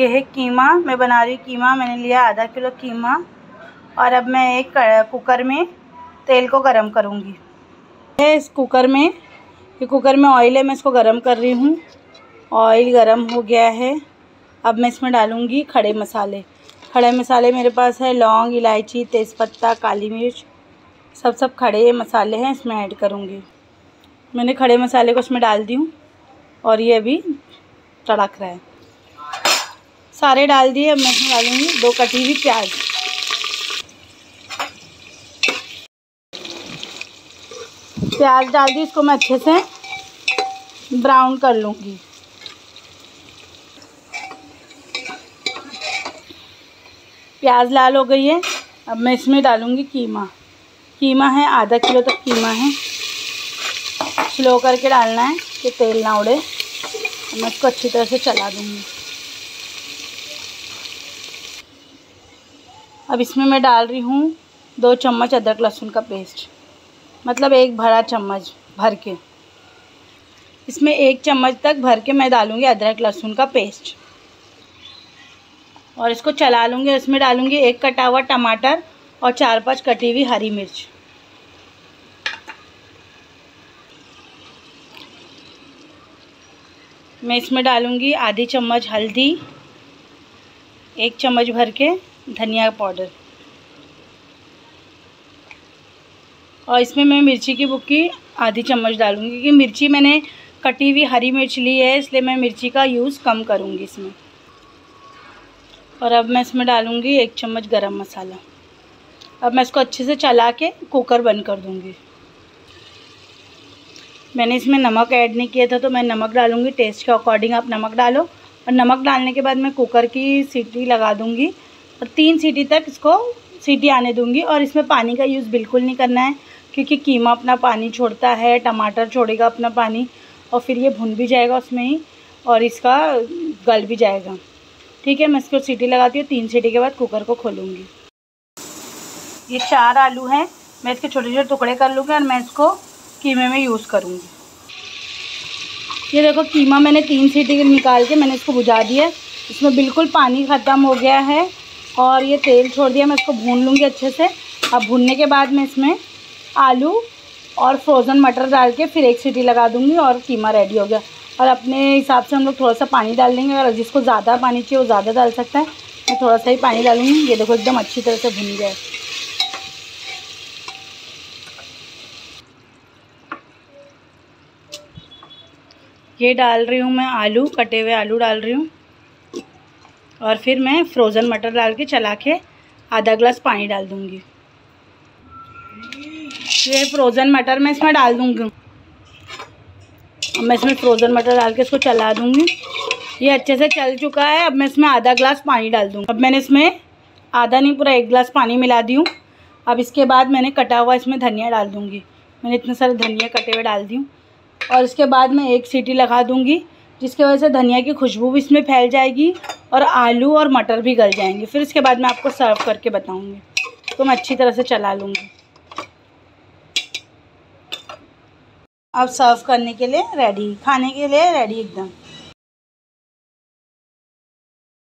ये है कीमा मैं बना रही हूँ कीमा मैंने लिया आधा किलो कीमा और अब मैं एक कुकर में तेल को गरम करूँगी इस कुकर में ये कुकर में ऑयल है मैं इसको गरम कर रही हूँ ऑयल गरम हो गया है अब मैं इसमें डालूँगी खड़े मसाले खड़े मसाले मेरे पास है लौंग इलायची तेज़पत्ता काली मिर्च सब सब खड़े मसाले हैं इसमें ऐड करूँगी मैंने खड़े मसाले को इसमें डाल दी हूँ और ये अभी तड़क रहा है सारे डाल दिए अब मैं डालूँगी दो कटी हुई प्याज प्याज डाल दी इसको मैं अच्छे से ब्राउन कर लूँगी प्याज लाल हो गई है अब मैं इसमें डालूँगी कीमा कीमा है आधा किलो तक कीमा है स्लो करके डालना है कि तेल ना उड़े मैं इसको अच्छी तरह से चला दूँगी अब इसमें मैं डाल रही हूँ दो चम्मच अदरक लहसुन का पेस्ट मतलब एक भरा चम्मच भर के इसमें एक चम्मच तक भर के मैं डालूँगी अदरक लहसुन का पेस्ट और इसको चला लूँगी इसमें डालूँगी एक कटा हुआ टमाटर और चार पांच कटी हुई हरी मिर्च मैं इसमें डालूँगी आधी चम्मच हल्दी एक चम्मच भर के धनिया पाउडर और इसमें मैं मिर्ची की बुक्की आधी चम्मच डालूँगी क्योंकि मिर्ची मैंने कटी हुई हरी मिर्च ली है इसलिए मैं मिर्ची का यूज़ कम करूँगी इसमें और अब मैं इसमें डालूँगी एक चम्मच गरम मसाला अब मैं इसको अच्छे से चला के कुकर बंद कर दूँगी मैंने इसमें नमक ऐड नहीं किया था तो मैं नमक डालूँगी टेस्ट के अकॉर्डिंग आप नमक डालो और नमक डालने के बाद मैं कुकर की सीटी लगा दूँगी और तीन सीटी तक इसको सीटी आने दूंगी और इसमें पानी का यूज़ बिल्कुल नहीं करना है क्योंकि कीमा अपना पानी छोड़ता है टमाटर छोड़ेगा अपना पानी और फिर ये भुन भी जाएगा उसमें ही और इसका गल भी जाएगा ठीक है मैं इसको सीटी लगाती हूँ तीन सीटी के बाद कुकर को खोलूँगी ये चार आलू हैं मैं इसके छोटे छोटे टुकड़े कर लूँगी और मैं इसको कीमे में यूज़ करूँगी ये देखो कीमा मैंने तीन सीटी निकाल के मैंने इसको बुझा दिया इसमें बिल्कुल पानी ख़त्म हो गया है और ये तेल छोड़ दिया मैं इसको भून लूँगी अच्छे से अब भूनने के बाद मैं इसमें आलू और फ्रोज़न मटर डाल के फिर एक सीटी लगा दूँगी और कीमा रेडी हो गया और अपने हिसाब से हम लोग थोड़ा सा पानी डाल देंगे अगर जिसको ज़्यादा पानी चाहिए वो ज़्यादा डाल सकता है मैं थोड़ा सा ही पानी डालूँगी ये देखो एकदम अच्छी तरह से भुन गया ये डाल रही हूँ मैं आलू कटे हुए आलू डाल रही हूँ और फिर मैं फ्रोज़न मटर डाल के चला के आधा ग्लास पानी डाल दूँगी ये फ्रोज़न मटर मैं इसमें डाल दूँगी मैं इसमें फ्रोज़न मटर डाल के इसको चला दूँगी ये अच्छे से चल चुका है अब मैं इसमें आधा ग्लास पानी डाल दूँगी अब मैंने इसमें आधा नहीं पूरा एक गिलास पानी मिला दी हूँ अब इसके बाद मैंने कटा हुआ इसमें धनिया डाल दूँगी मैंने इतने सारे धनिया कटे हुए डाल दी और इसके बाद मैं एक सीटी लगा दूँगी जिसकी वजह से धनिया की खुशबू भी इसमें फैल जाएगी और आलू और मटर भी गल जाएंगे फिर इसके बाद मैं आपको सर्व करके बताऊँगी तो मैं अच्छी तरह से चला लूँगी अब सर्व करने के लिए रेडी खाने के लिए रेडी एकदम